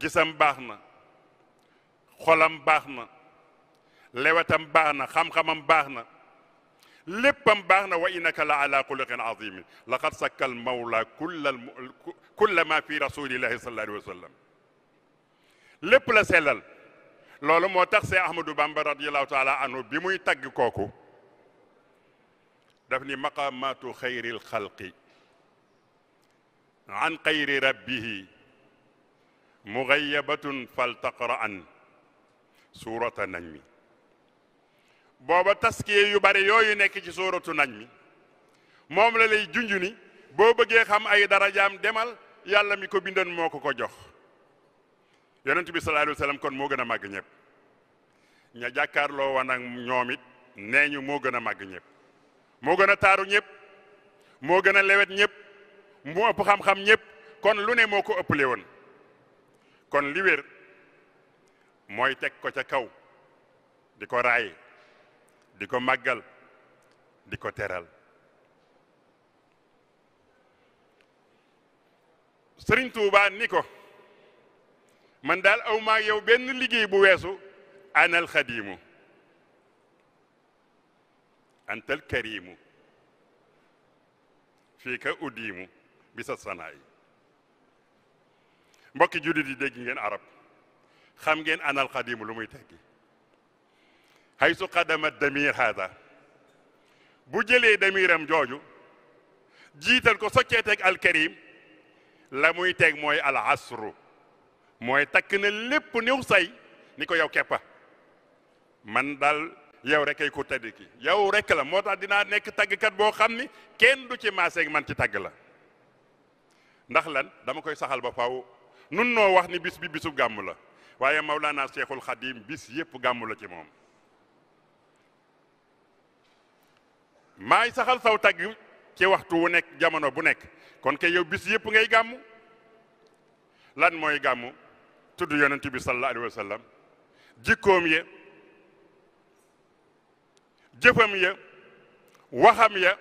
gisam baax na xolam baax na lewetam baax na xam-xamam baax na léppam baax na wa innaka la ala xuluqin azimin laqad sakkal mawla kullal kulla ma fi rasulillahi sallallahu alayhi wa sallam lépp la sellal loolu moo tax see ahmadou bamba radiallahu taala anhu bi muy tagg kooku daf ni maqamatu xayri lxalqi an xayri rabbihi mu mugayyabatun faltaqra'an suurata najmi booba taskiye yu bari yooyu nekk ci suuratu mi moom la lay junj boo bëggee xam ay darajaam demal yàlla mi ko bindoon moo ko ko jox yonent bi sallallahu alayhi kon moo gën a màgg ñëpp ña jàkkaarloo woon ñoomit ñoom moo gën a màgg ñëpp moo gën a taaru ñëpp moo gën a lewet ñëpp mu ëpp xam-xam ñëpp kon lu ne moo ko ëppale woon kon li mooy teg ko ca kaw di ko raay di ko màggal di ko teral sëriñ Tuubaa ni ko man daal aw maag yow benn liggéey bu weesu anal xadiimu antal kariimu fii ka uddiimu bi sa sanaayi mbokki jullit yi dégg ngeen arab xam ngeen anal xadimu lu muy tekki haysu xadama damir haada bu jëlee damiram jooju jiital ko soccee teg alkarim la muy teg mooy al asru mooy takk na lépp néew say ni ko yow keppa man daal yow rek ay ku tedd ki yow rek la moo tax dinaa nekk taggkat boo xam ni kenn du ci maaseeg man ci tagg la ndax lan dama koy saxal ba faaw nun noo wax ni bis bi bisu gàmm la waaye maw laa naa Cheikhul Khadim bis yépp gàmm la ci moom maay saxal saw tagg ci waxtu wu nekk jamono bu nekk kon kay yow bis yépp ngay gàmm lan mooy gàmm tudd yonent bi sallallahu alayhi wa sallam jikkoom ya jëfam ya waxam ya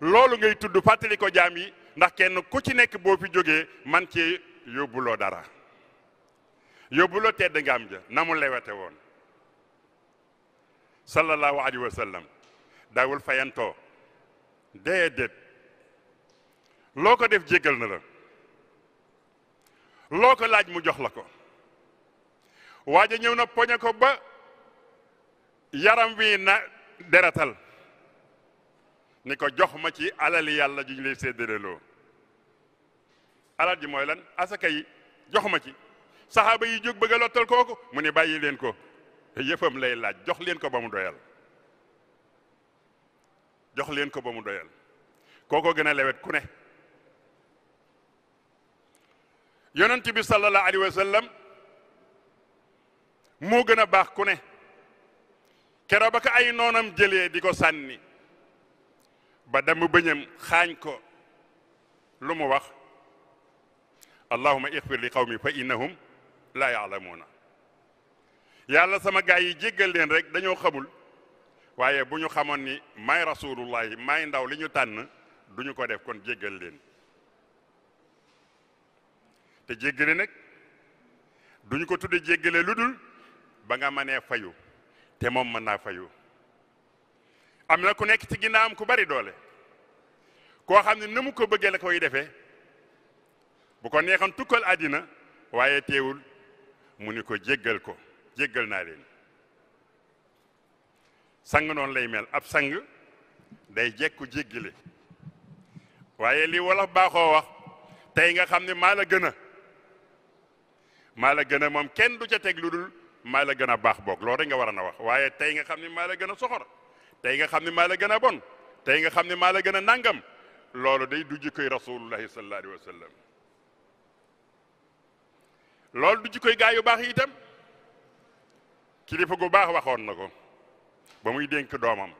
loolu ngay tudd fàttali ko jaam yi ndax kenn ku ci nekk boo fi jógee man ci yóbbuloo dara yóbbuloo tedd nga ja na mu lewete woon sallallahu alayhi wa sallam daawul fayantoo déedéet loo ko def jéggal na la loo ko laaj mu jox la ko waa ja ñëw na poñe ko ba yaram wi na deratal ni ko jox ma ci alali yàlla ju ñu lay séddaleloo alal ji mooy lan asaka yi jox ma ci saxaaba yi jóg bëgg lottal kooku mu ne bàyyi leen ko yëfam lay laaj jox leen ko ba mu doyal jox leen ko ba mu doyal ko gën a lewet ku ne yonent bi sallallahu alayhi wa sallam moo gën a baax ku ne kero ba ko ay noonam jële di ko sànni ba dama bëñam xaañ ko lu mu wax allahuma ixfir li qawmi fa innahum laa yaalamuuna yàlla sama gaa yi jéggal leen rek dañoo xamul waaye bu ñu xamoon ni may rasulullahi may ndaw li ñu tànn du ñu ko def kon jéggal leen te jéggale nag du ñu ko tudde jéggale lu dul ba nga manee fayu te moom mën naa fayu am na ku nekk ci ginnaaw am ku bari doole koo xam ne na mu ko bëggee la koy defee bu ko neexoon tukkal àddina waaye teewul mu ni ko jéggal ko jéggal naa leen sang noon lay mel ab sang day jekku jéggile waaye li wolof baaxoo wax tey nga xam ne maa la gën a maa la gën a moom kenn du ca teg lu dul maa la gën a baax boog loolu rek nga war a na wax waaye tey nga xam ne maa la gën a soxor tey nga xam ne maa la gën a bon tey nga xam ne maa la gën a nangam loolu day du jikkoy rasulullahi sallallahu alayhi wa sallam loolu du jikkoy gaa yu baax yi itam kilifa gu baax waxoon na ko ba muy dénk doomam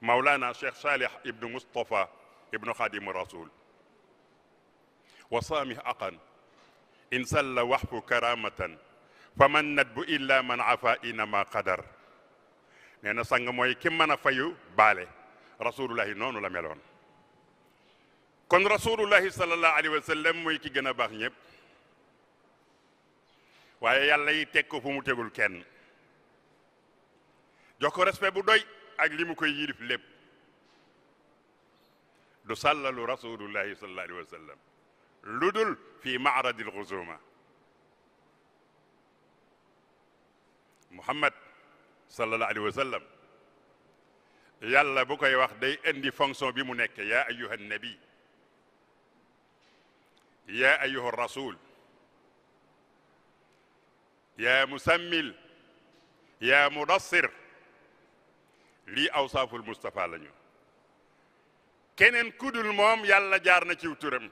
mawlaana cheikh salih ibnu mustapha ibnu xadimu rasul wa saamih aqan in salla waxfu karamatan fa man nat bu illa man afa inama qadar nee na sang mooy ki mën a fayu baale rasulullahi noonu la meloon kon rasulullahi sallallahu alayhi wa sallam mooy ki gën a baax ñëpp waaye yàlla yi teg ko fu mu tegul kenn jox ko respect bu doy ak li mu koy yilif lépp du sàllalu rasulullahi sallallahu alayhi wa sallam lu dul fii maaradil xusuma muhammad sallallahu alayhi wa sallam yàlla bu koy wax day indi fonction bi mu nekk yaa ayyuha nabi yaa ayyuha rasul yaa musammil yaa mudassir lii awsaaful Mustafa lañu keneen kudul moom yàlla jaar na ciw turam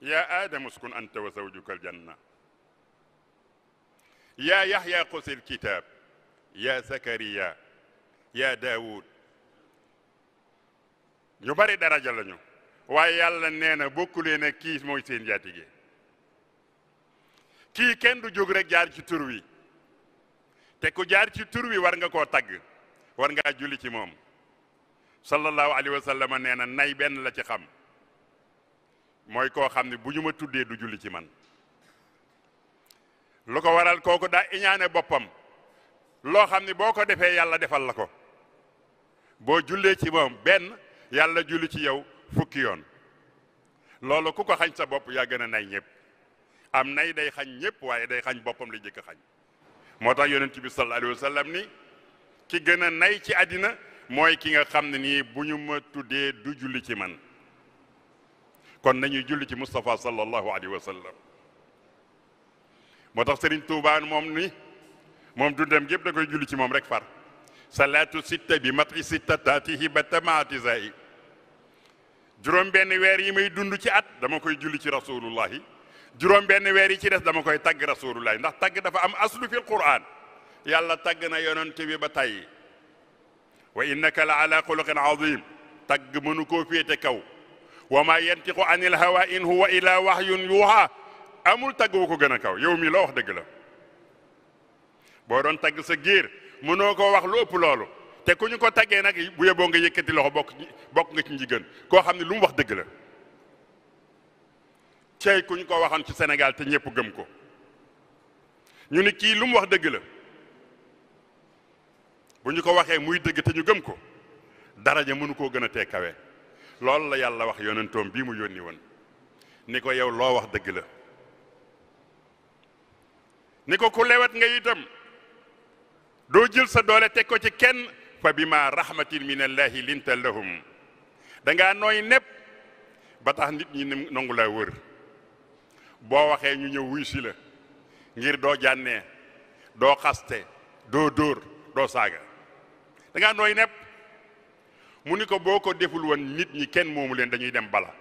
yaa aadam uskun anta wa zawjuka aljanna yaa yaxya xusil kitaab yaa zakariya yaa daawud ñu bari daraja lañu waaye yàlla nee na bokkuleen ak kii mooy seen jaatige kii kenn du jóg rek jaar ci tur wi te ku jaar ci tur wi war nga koo tagg war ngaa julli ci moom sallallahu alayhi wa sallam nee na nay benn la ci xam mooy koo xam ne bu ñu ma tuddee du julli ci man lu ko waral kooku daa iñaane boppam loo xam ni boo ko defee yàlla defal la ko boo jullee ci moom benn yàlla julli ci yow fukki yoon loolu ku ko xañ sa bopp yaa gën a nay ñëpp am nay day xañ ñëpp waaye day xañ boppam la jëkk a xañ moo tax yonent bi sallallahu alayhi wa ni ki gën a nay ci àddina mooy ki nga xam ne nii bu ñu tuddee du julli ci man kon nañuy julli ci Moustapha sallallahu alayhi wa sallam moo tax Serigne Touba moom ni moom dundam gépp da koy julli ci moom rek far salaatu sitta bi mat i sitta taatihi ba tamaatisayi juróom benn weer yi may dund ci at dama koy julli ci rasulullahi juróom benn weer yi ci des dama koy tagg rasulullah ndax tagg dafa am aslu fil quran yàlla tagg na yonent bi ba tey wa naka la ala xuluqin azim tagg mënu koo féete kaw wa ma yantiqu anil hawa in huwa ila wahyun yuha amul tagg wu ko gën kaw yow mi la wax dëgg la boo doon tagg sa giir mënoo koo wax lu loolu te ku ñu ko taggee nag bu yeboo nga yëkkati loo bokk bokk nga ci ñi koo xam ne lu wax dëgg la cey ku ñu ko waxoon ci Sénégal te ñëpp gëm ko ñu ni kii lu wax dëgg la bu ñu ko waxee muy dëgg te ñu gëm ko daraja mënu koo gën a tee kawe loolu la yàlla wax yonentoom bii mu yónni woon ni ko yow loo wax dëgg la ni ko ku lewet nga itam doo jël sa doole teg ko ci kenn fa bi ma rahmatin min allahi linta lahum da ngaa nooy nepp ba tax nit ñi nangu laa wër boo waxee ñu ñëw wuy si la ngir doo jànnee doo xaste doo dóor doo saaga da ngaa nooy nepp mu ni ko boo ko deful woon nit ñi kenn moomu leen dañuy dem bala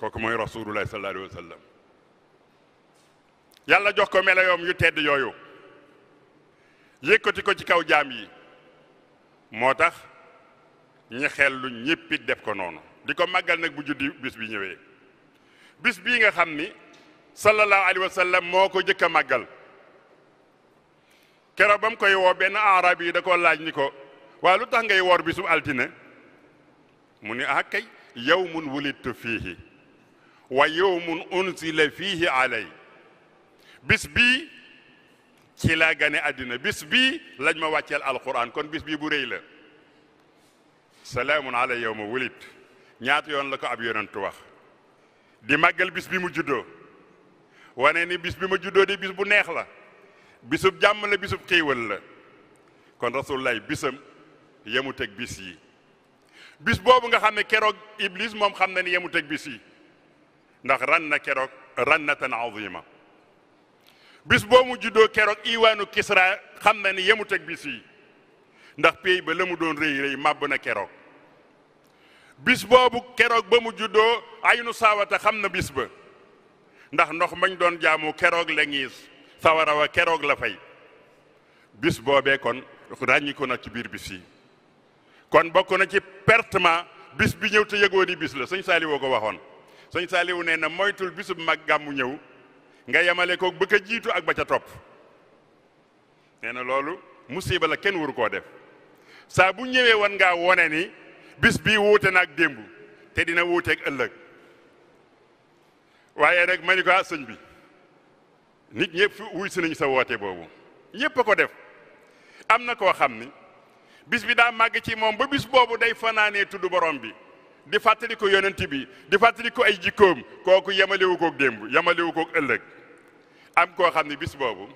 kooku mooy rasulullah sallallahu alayhi wa sallam yàlla jox ko melo yoom yu tedd yooyu yëkkati ko ci kaw jaam yi moo tax ñi xel lu ñëppit def ko noonu di ko màggal nag bu juddi bis bi ñëwee bis bii nga xam ni sallallahu alayhi wa moo ko jëkk a màggal keroog ba koy woo benn arab yi da koo laaj ni ko waa lu tax ngay woor bisu altine mu ni ah kay yawmun wulidtu fiihi wa yawmun unsila fiihi alay bis bii ci laa gane àddina bis bii lañ ma wàcceel alquran kon bis bu rëy la salaamun ala yawma wulid ñaata yoon la ko ab yonentu wax di màggal bis bi mu juddoo wane ne bis bi ma juddoo di bis bu neex la bisub jàmm la bisub xéewal la kon rasulullaay bisam yemut ak bis yi bis boobu nga xam ne keroog iblis moom xam na ni yemut ak bis yi ndax ran na keroog rannatan azima bis boo mu juddoo keroog iwaanu kisra xam na ni yemut ak bis yi ndax pey ba la mu doon rëy rëy màbb na keroog bis boobu keroog ba mu juddoo aynu saawata xam na bis ba ndax ndox mañ doon jaamu keroog la ngiis sawarawa keroog la fay bis boobee kon ràññiku na ci biir bis yi kon bokk na ci pertement bis bi ñëw te yëgoo ni bis la sëñ Saaliwu ko waxoon sëñ Saaliwu nee na moytul bu mag gàmmu ñëw nga yemale ko ba a jiitu ak ba ca topp nee na loolu musiba la kenn waru koo def saa bu ñëwee wan ngaa wone ni bis bii wuute na ak démb te dina wuuteeg ëllëg waaye nag ma ni ko ah, sëñ bi nit ñëpp wuy si nañu sa woote boobu ñëpp a ko def am na koo xam ni bis bi daa màgg ci moom ba bis boobu day fanaanee tudd borom bi di fàttali ko yonent bi di fàttali ko ay jikkoom kooku yemalewu koog démb yamalewu koog ëllëg am koo xam ni bis boobu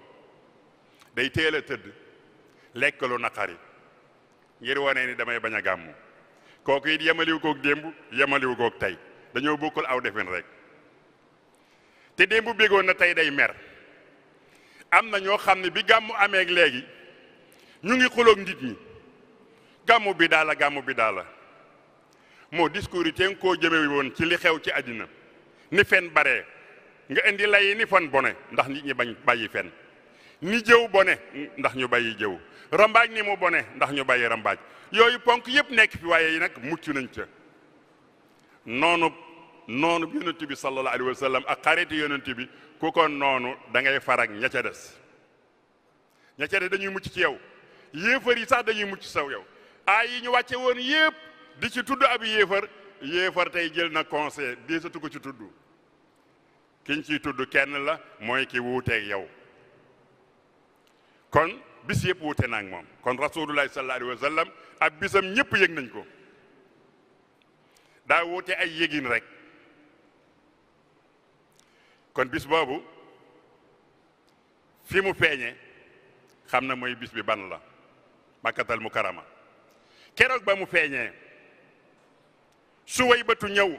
day teel a tëdd lekk lu naqari ngir wane ni damay bañ a gàmmu kooku yi yemaliwu koog démb yemaliwu koog tey dañoo bokkul aw defin rek te démb béggoon na tey day mer am na ñoo xam ne bi gàmmu ameeg léegi ñu ngi xuloog nit ñi gàmmu bi daala gàmmu bi la moo discours yi teen koo jëme woon ci li xew ci àddina ni fen baree nga indi lay ni fan bone ndax nit ñi bañ bàyyi fen ni jëw bone ndax ñu bàyyi jëw rambaaj ni mu bone ndax ñu bàyyi rambaaj yooyu ponk yëpp nekk fi waaye yi nag mucc nañ ca noonu noonu yonent bi sallallahu alayhi wa sallam ak xariti yonent bi ku ko noonu da ngay farak ña ca des ña ca des dañuy mucc ci yow yéefar yi sax dañuy mucc saw yow aay yi ñu wàcce woon yëpp di ci tudd ab yéefar yéefar tey jël na conseil deesatu ko ci tudd kiñ ci tudd kenn la mooy ki wuuteeg yow kon bis yëpp wute na moom kon rasulullahi sallallahu alayhi wa sallam ab bisam ñëpp yëg nañ ko daa wute ay yégin rek kon bis boobu fi mu feeñe xam na mooy bis bi ban la makkatal mu karama keroog ba mu feeñee suway batu ñëw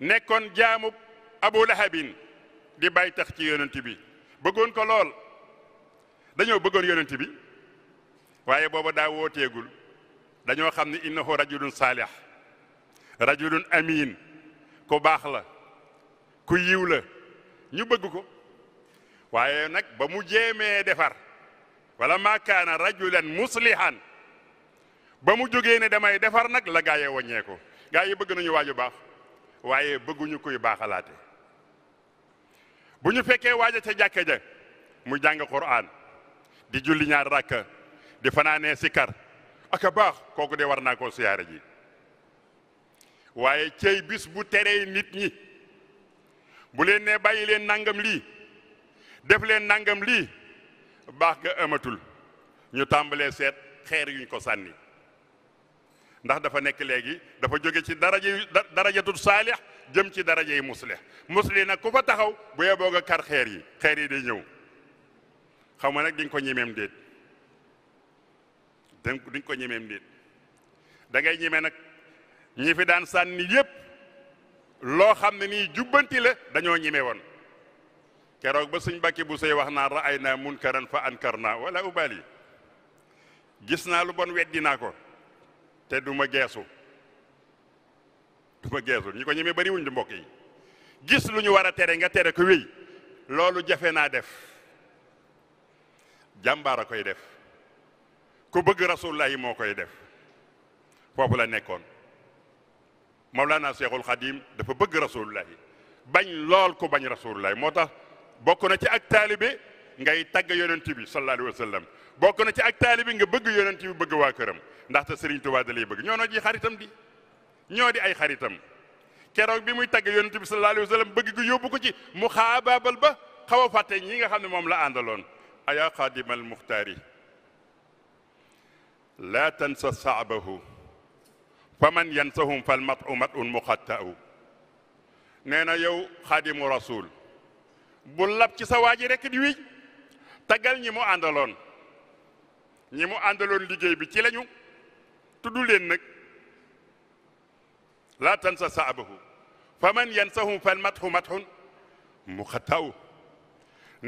nekkoon jaamu abu lahabin di bay tax ci yonent bi bëggoon ko lool dañoo bëggoon yonent bi waaye booba daa wooteegul dañoo xam ne innahu rajulun saalih rajulun amin ku baax la ku yiw la ñu bëgg ko waaye nag ba mu jéemee defar wala ma kaana rajulan muslihan ba mu jógee ne damay defar nag la gaaye yee wàññeeku gaa yi bëgg nañu waaju baax waaye bëgguñu koy baaxalaate bu ñu fekkee waaja ca jàkka ja mu jàng Qur'an di julli ñaar rakka di fanaanee sikar aka baax kooku de war naa koo siyaare ji waaye cey bis bu teree nit ñi bu leen nee bàyyi leen nangam lii def leen nangam lii baax ga amatul ñu tàmbalee seet xeer yuñ ko sànni ndax dafa nekk léegi dafa jóge ci daraje darajatul saalix jëm ci daraje yi muslih muslih nag ku fa taxaw bu yeboo nga kar xeer yi xeer yi day ñëw xaw ma nag diñ ko ñemeem déet dañ duñ ko ñemeem déet da ngay ñeme nag ñi fi daan sànni yépp loo xam ne nii jubbanti la dañoo ñeme woon keroog ba suñ bàkki bu sey wax naa ra'ay naa munkaran fa ankar naa wala ubali gis naa lu bon weddi naa ko te du ma geesu du ma geesu ñi ko ñemee bariwuñ wuñ du mbokk yi gis lu ñu war a tere nga tere ko wéy loolu jafe naa def jàmbaar a koy def ku bëgg rasulullah moo koy def foofu la nekkoon Mawlana Cheikhul Khadim dafa bëgg rasulullah yi bañ lool ku bañ rasulullah moo tax bokk na ci ak taalibe ngay tagg yonent bi sallallahu alayhi wa bokk na ci ak taalibe nga bëgg yonent bi bëgg waa këram ndaxte Serigne Touba da lay bëgg ñoo noo ji xaritam di ñoo di ay xaritam keroog bi muy tagg yonent bi sallallahu alayhi wa sallam bëgg gu yóbbu ko ci mu xaabaabal ba xaw fàtte ñi nga xam ne moom la àndaloon. ayaa xaadima almuxtaari laa tansa saabahu fa man yansahum fal matu matun muxattau nee na yow xaadimu rasul bu lab ci sa waa ji rekk di wiy tagal ñi mu àndaloon ñi mu àndaloon liggéey bi ci lañu tuddu leen nag laa tansa saabahu fa man yansahum fal matu matun muxattau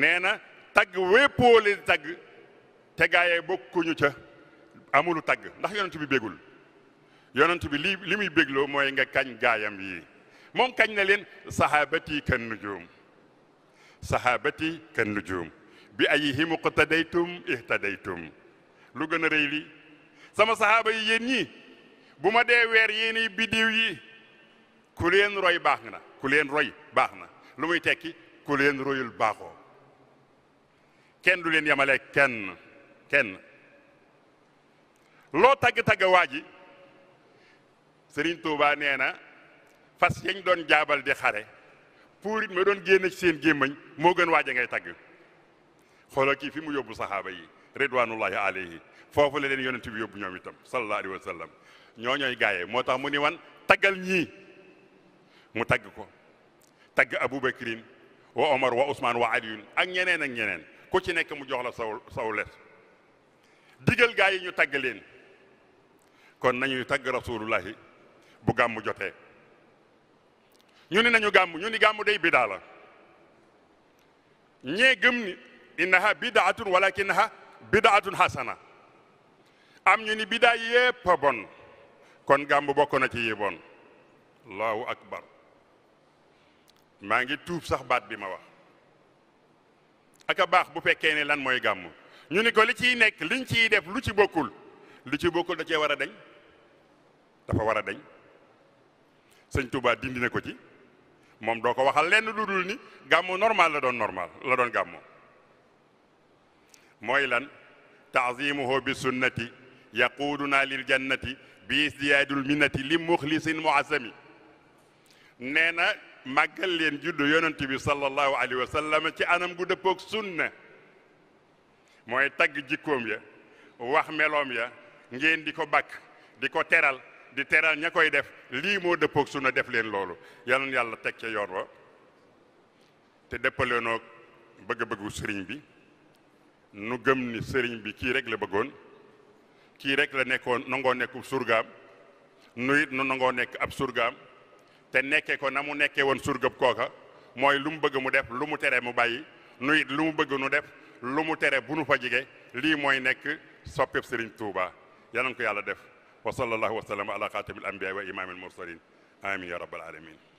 nee na tagg wéppoo leen tagg te gaayee bokkuñu ca amulu tagg ndax yonent bi bégul yonent bi li li muy bégloo mooy nga kañ gaayam yi moom kañ na leen sahabati kan nujum sahabati kan nujum bi ay ayihim iqtadaytum ihtadaytum lu gën a rëy lii sama sahaaba yi yéen ñi bu ma dee weer yéeni biddiw yi ku leen roy baax na ku leen roy baax na lu muy tekki ku leen royul baaxoo kenn du leen yemale kenn kenn loo tagg-tagg waa ji Sëriñ Tuubaa nee na fas yañ doon jaabal di xare pour ma doon génn ci seen gémmañ moo gën waaja ngay tagg xoolal kii fi mu yóbbu saxaaba yi ridwanullahi alayhi foofu la leen yonent bi yóbbu ñoom itam sallallahu alayhi wa sallam ñoo ñooy gaaye moo tax mu ni wan taggal ñii mu tagg ko tagg Abu Bakrin wa Omar wa Ousmane wa Aliyun ak ñeneen ak ñeneen ku ci nekk mu jox la saw saw les digal gaa yi ñu tagg leen kon nañuy tagg rasulullahi bu gàmmu jotee ñu ni nañu gàmm ñu ni gàmm day bidaa la ñee gëm ni innaha bidaatun walakinaha bidaatun hasana am ñu ni bidaa yépp a bon kon gàmm bokk na ci yi bon allahu akbar maa ngi tuub sax baat bi ma wax ak a baax bu fekkee ne lan mooy gàmmu ñu ni ko li ciy nekk li liñ ciy def lu ci bokkul lu ci bokkul da cee war a dañ dafa war a dañ sëñ Touba dindi na ko ci moom doo ko waxal lenn lu dul ni gàmmu normal la doon normal la doon gàmmu mooy lan taazimuhu bi sunnati yaquuduna lil jannati bi isdiyaadul minnati li muxlisin muasami nee na màggal leen juddu yonent bi sallallahu alayhi wa sallam ci anam gu dëppook sunna mooy tagg jikkoom ya wax meloom ya ngeen di ko bakk di ko teral di teral ña koy def lii moo dëppook sunna def leen loolu yal yàlla teg ca yoon wa te dëppaleenoo bëgg-bëggu sëriñ bi nu gëm ni sëriñ bi kii rek la bëggoon kii rek la nekkoon nangoo nekk surgaam nu nu nangoo nekk ab surgaam te nekkee ko na mu nekkee woon surgëb kooka mooy lu mu bëgg mu def lu mu tere mu bàyyi nu it lu mu bëgg nu def lu mu tere bu nu fa jige lii mooy nekk soppeb Sëriñ Tuuba yal ko yàlla def wa sallallahu wa sallam ala xaatamil anbiya wa imaamil mursalin amin ya rabbal alamin